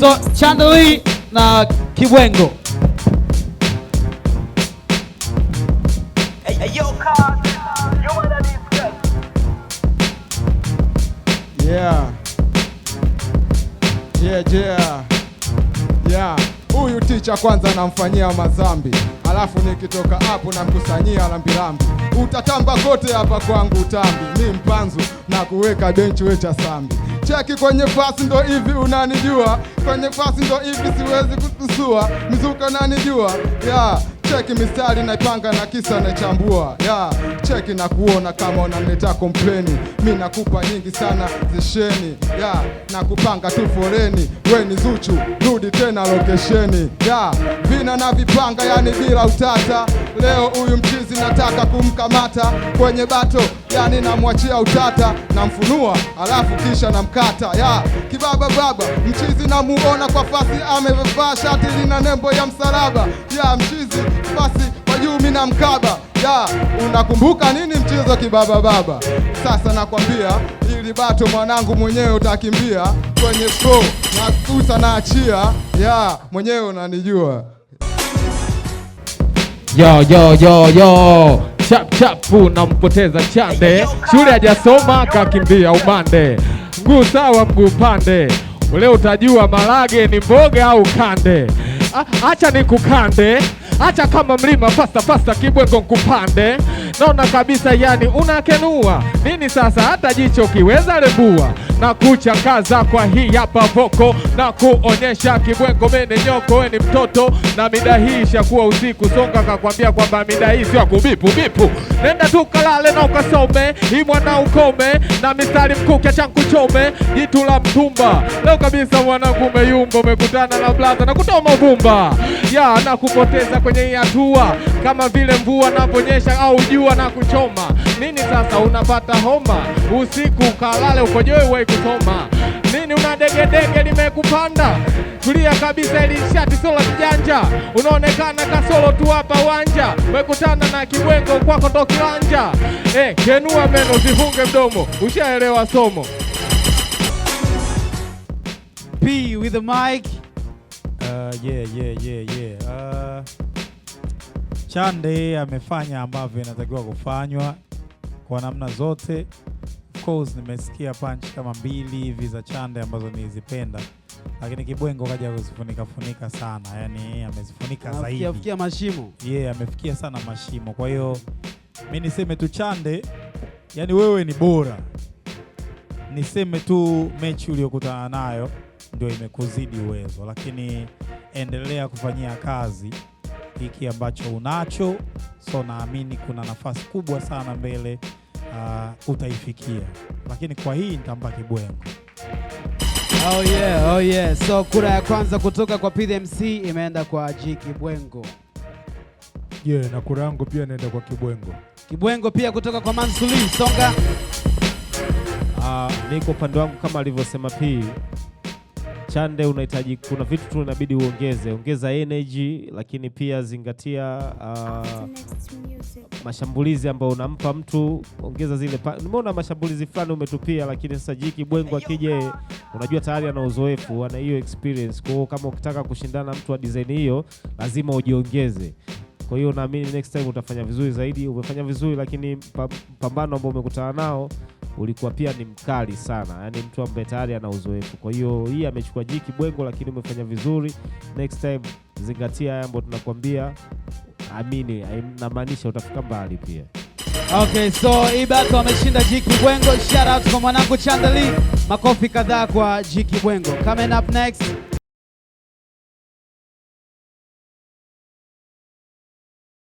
So Chandeli na Kibwengo. yeah. Yeah, yeah. Huyu ticha kwanza anamfanyia madhambi alafu nikitoka hapo namkusanyia lambilambi, utatamba kote hapa kwangu utambi, ni mpanzu na kuweka benchi wecha sambi Cheki kwenye fasi ndo hivi unanijua, kwenye fasi ndo hivi siwezi kutusua, mizuka nanijua yeah. Cheki mistari naipanga na kisa nachambua yeah. Cheki na kuona kama unanileta kompleni, mi nakupa nyingi sana zisheni yeah. Na kupanga tu foreni, weni Zuchu, rudi tena lokesheni yeah. Vina na vipanga yani bila utata, leo huyu mchizi nataka kumkamata kwenye bato yani namwachia utata, namfunua alafu kisha namkata ya kibaba baba. Mchizi namuona kwa fasi, amevaa shati lina nembo ya msalaba ya mchizi fasi kwa juu mkaba ya unakumbuka nini mchezo kibaba baba? Sasa nakwambia ili bato mwanangu mwenyewe utakimbia kwenye flow na kusa na achia ya mwenyewe unanijua yo yo yo yo chap na mpoteza chande, shule hajasoma kakimbia umande, mguu sawa mguu pande, ule utajua malage ni mboga au kande. Acha acha nikukande acha kama mlima fasta pasta kibwengo nkupande, naona kabisa yani unakenua nini sasa, hata jicho kiweza lebua na kuchakaza kwa hii hapa voko na kuonyesha kibwengo mene nyoko, we ni mtoto na mida hii ishakuwa usiku. Songa kakwambia kwamba mida hii sio kubipu bipu nenda tu kalale na ukasome, imwa na ukome na mistari mkuki cha jitu la mtumba leo kabisa mwanangu, umeyumba umekutana na blaza na kutoma vumba ya na kupoteza kwenye hii hatua, kama vile mvua naponyesha au jua na kuchoma nini. Sasa unapata homa usiku, kalale ukojoe, uwai kusoma nini? Una degedege limekupanda? Tulia kabisa, ilishati sio la kijanja, unaonekana kasolo tu hapa wanja. mekutana na kibwengo kwako ndo kilanja. Eh, kenua meno zifunge mdomo, ushaelewa somo. P with the mic. Uh, yeah, yeah, yeah, yeah. Uh, Chande amefanya ambavyo inatakiwa kufanywa kwa namna zote course nimesikia punch kama mbili hivi za Chande ambazo nilizipenda, lakini Kibwengo kaja kuzifunika funika sana, yani amezifunika zaidi, amefikia mashimo ye yeah, amefikia sana mashimo. Kwa hiyo mi niseme tu Chande, yani wewe ni bora, niseme tu mechi uliyokutana nayo ndio imekuzidi uwezo, lakini endelea kufanyia kazi hiki ambacho unacho, so naamini kuna nafasi kubwa sana mbele uh, utaifikia, lakini kwa hii nitambaki kibwengo Oh yeah, oh yeah. So kura ya kwanza kutoka kwa PMC imeenda kwa G Kibwengo. Yeah, na kura yangu pia inaenda kwa Kibwengo. Kibwengo pia kutoka kwa Mansuri Songa. Uh, niko upande wangu kama alivyosema pii Chande unahitaji, kuna vitu tu inabidi uongeze, ongeza energy, lakini pia zingatia uh, mashambulizi ambayo unampa mtu, ongeza zile. Nimeona mashambulizi fulani umetupia, lakini sasa Jiki Bwengo akije, unajua tayari ana uzoefu, ana hiyo experience. Kwa hiyo kama ukitaka kushindana mtu wa design hiyo, lazima ujiongeze. Kwa hiyo naamini next time utafanya vizuri zaidi. Umefanya vizuri, lakini pambano ambao umekutana nao ulikuwa pia ni mkali sana, yani mtu ambaye tayari ana uzoefu. Kwa hiyo hii amechukua jiki Kibwengo, lakini umefanya vizuri. Next time zingatia haya ambayo tunakwambia, amini, namaanisha utafika mbali pia. Okay, so Ibaka wameshinda G Kibwengo. Shout out kwa mwanangu Chandali, makofi kadhaa kwa G Kibwengo. Coming up next